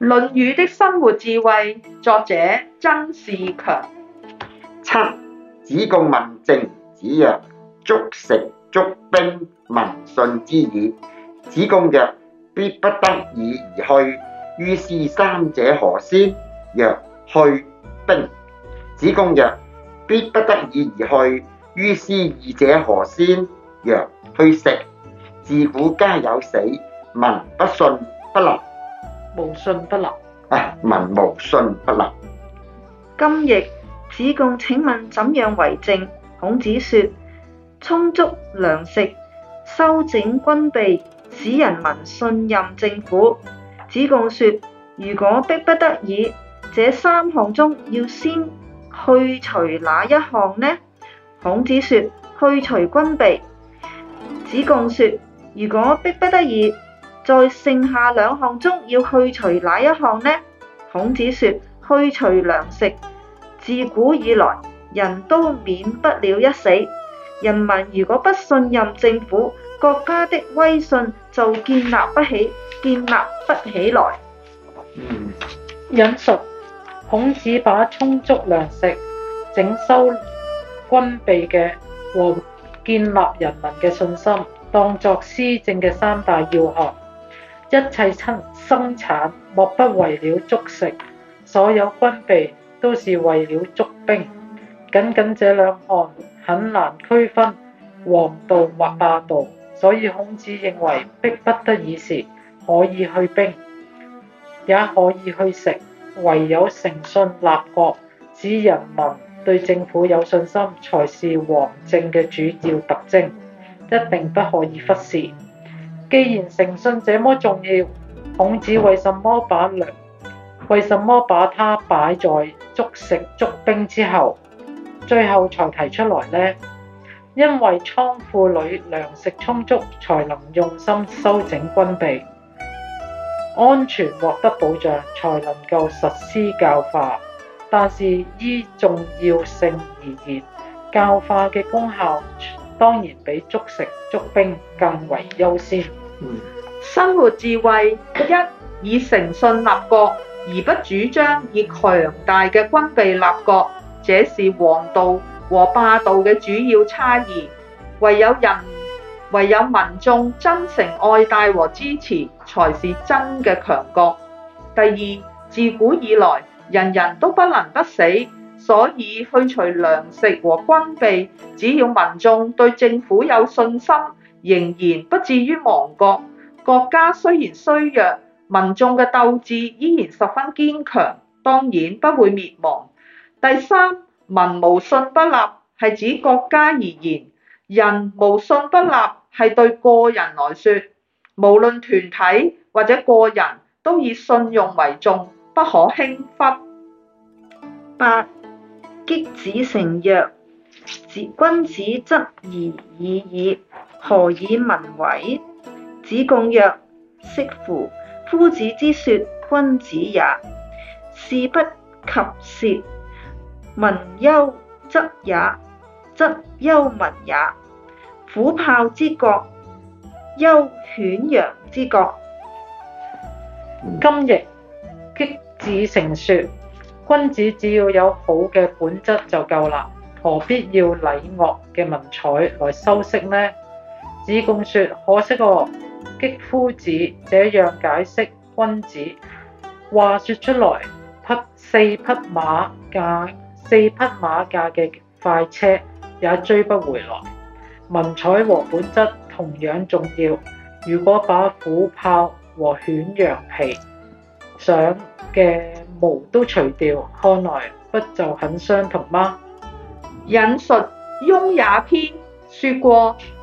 《論語》的生活智慧，作者曾仕強。七，子貢問政，子曰：足食、足兵，民信之矣。子貢曰：必不得已而去，於是三者何先？曰：去兵。子貢曰：必不得已而去，於是二者何先？曰：去食。自古皆有死，民不信不立。無信不立。啊、哎，民無信不立。今日子貢，請問怎樣為政？孔子說：充足糧食，修整軍備，使人民信任政府。子貢說：如果逼不得已，這三項中要先去除哪一項呢？孔子說：去除軍備。子貢說：如果逼不得已。在剩下兩項中要去除哪一項呢？孔子說：去除糧食。自古以來，人都免不了一死。人民如果不信任政府，國家的威信就建立不起，建立不起來。引述孔子把充足糧食、整修軍備嘅和建立人民嘅信心，當作施政嘅三大要項。一切出生產莫不為了足食，所有軍備都是為了足兵。僅僅這兩項，很難區分王道或霸道。所以孔子認為逼不得已時可以去兵，也可以去食。唯有誠信立國，指人民對政府有信心，才是王政嘅主要特徵，一定不可以忽視。既然誠信這麼重要，孔子為什麼把糧，為什麼把它擺在足食足兵之後，最後才提出來呢？因為倉庫裡糧食充足，才能用心修整軍備，安全獲得保障，才能夠實施教化。但是依重要性而言，教化嘅功效當然比足食足兵更為優先。生活智慧一，以誠信立國，而不主張以強大嘅軍備立國，這是王道和霸道嘅主要差異。唯有人，唯有民眾真誠愛戴和支持，才是真嘅強國。第二，自古以來，人人都不能不死，所以去除糧食和軍備，只要民眾對政府有信心。仍然不至於亡國。國家雖然衰弱，民眾嘅鬥志依然十分堅強，當然不會滅亡。第三，民無信不立，係指國家而言；人無信不立，係對個人來說。無論團體或者個人，都以信用為重，不可輕忽。八，棘子成曰，曰君子質而已矣。何以文為？子貢曰：惜乎。夫子之說君子也，事不及舌，文猶質也，質猶文也。虎豹之鞟，猶犬羊之鞟。今亦棘子成說：君子只要有好嘅本質就夠啦，何必要禮樂嘅文采來修飾呢？子貢說：可惜哦，激夫子這樣解釋君子，話說出來，匹四匹馬駕，四匹馬駕嘅快車也追不回來。文采和本質同樣重要。如果把虎豹和犬羊皮上嘅毛都除掉，看來不就很相同嗎？引述《雍也篇》說過。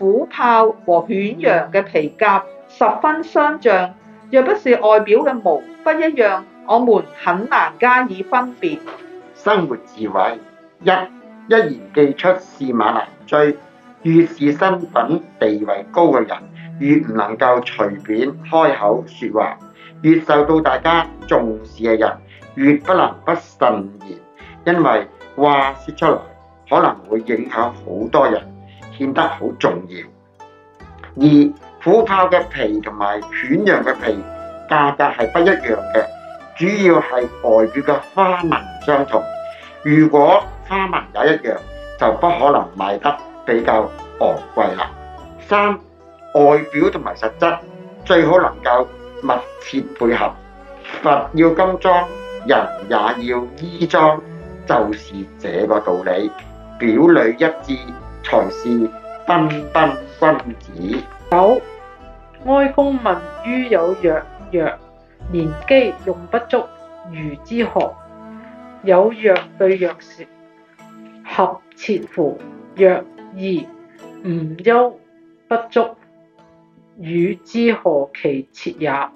虎豹和犬羊嘅皮甲十分相像，若不是外表嘅毛不一樣，我們很難加以分別。生活智慧一，一言既出，駟馬難追。越是身份地位高嘅人，越唔能夠隨便開口說話；越受到大家重視嘅人，越不能不慎言，因為話說出來可能會影響好多人。變得好重要。二，虎豹嘅皮同埋犬羊嘅皮價格係不一樣嘅，主要係外表嘅花紋唔相同。如果花紋也一樣，就不可能賣得比較昂貴啦。三，外表同埋實質最好能夠密切配合。佛要金裝，人也要衣裝，就是這個道理，表裏一致。才是彬彬君子。九，哀公問於有若，曰年饑用不足，如之何？有若對曰是盍徹乎？曰，二，吾猶不足，如之何其徹也？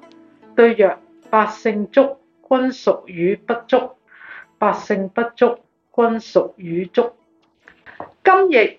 對曰百姓足，君孰與不足；百姓不足，君孰與足。今亦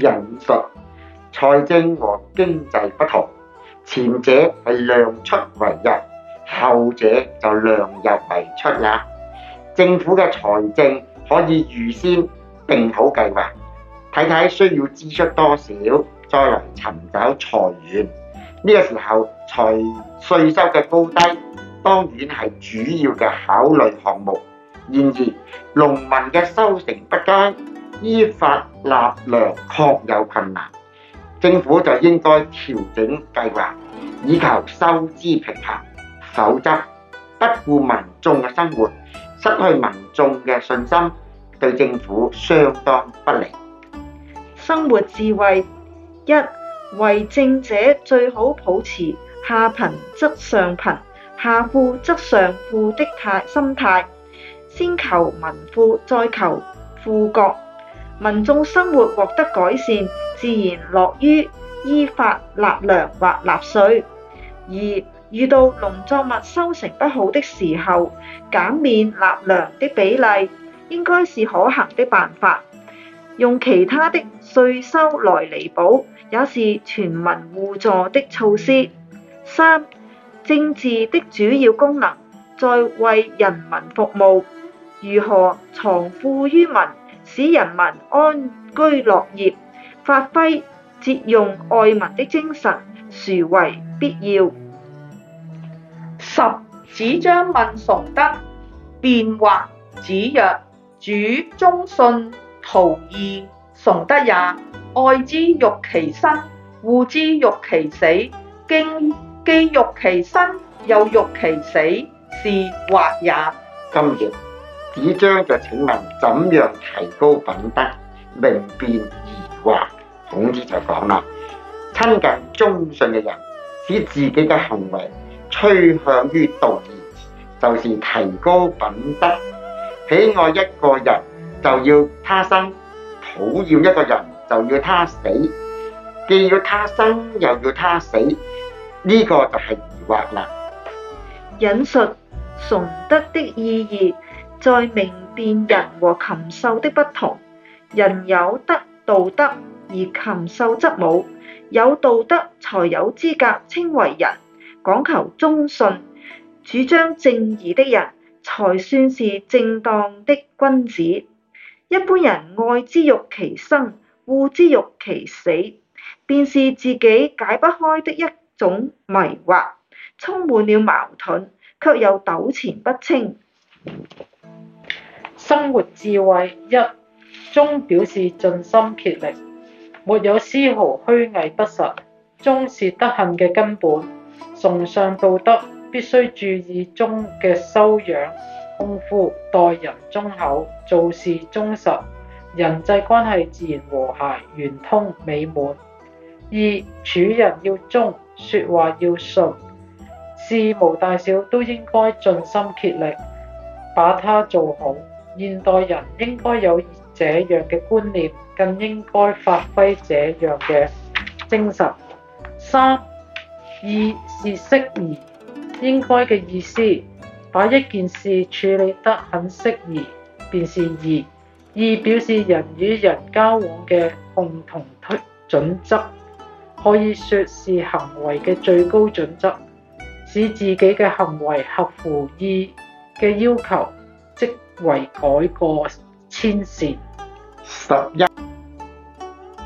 引述財政和經濟不同，前者係量出為入，後者就量入為出啦。政府嘅財政可以預先定好計劃，睇睇需要支出多少，再嚟尋找財源。呢個時候，財稅收嘅高低當然係主要嘅考慮項目。然而，農民嘅收成不佳。依法納糧確有困難，政府就應該調整計劃，以求收支平衡。否則，不顧民眾嘅生活，失去民眾嘅信心，對政府相當不利。生活智慧：一、為政者最好保持下貧則上貧，下富則上富的態心態，先求民富，再求富國。民眾生活獲得改善，自然樂於依法納糧或納稅。二、遇到農作物收成不好的時候，減免納糧的比例應該是可行的辦法。用其他的稅收來彌補，也是全民互助的措施。三、政治的主要功能在為人民服務，如何藏富於民？使人民安居樂業，發揮節用愛民的精神，殊為必要。十、子張問崇德辨惑，子曰：主忠信，徙義，崇德也。愛之，欲其生；惡之，欲其死。經既欲其生，又欲其死，是惑也。今日。子張就請問，怎樣提高品德，明辨疑惑？總之就講啦：親近忠信嘅人，使自己嘅行為趨向於道義，就是提高品德。喜愛一個人就要他生，討厭一個人就要他死，既要他生又要他死，呢個就係疑惑啦。引述崇德的意義。在明辨人和禽獸的不同，人有德道德，而禽獸則冇。有道德才有資格稱為人，講求忠信、主張正義的人，才算是正當的君子。一般人愛之欲其生，惡之欲其死，便是自己解不開的一種迷惑，充滿了矛盾，卻又糾纏不清。生活智慧。一、忠表示盡心竭力，沒有絲毫虛偽不實，忠是德行嘅根本，崇尚道德必須注意忠嘅修養功夫，待人忠厚，做事忠實，人際關係自然和諧圓通美滿。二、處人要忠，說話要順，事無大小都應該盡心竭力，把它做好。現代人應該有這樣嘅觀念，更應該發揮這樣嘅精神。三、義是適宜應該嘅意思，把一件事處理得很適宜，便是義。義表示人與人交往嘅共同推準則，可以說是行為嘅最高準則，使自己嘅行為合乎義嘅要求。為改過遷善。十一。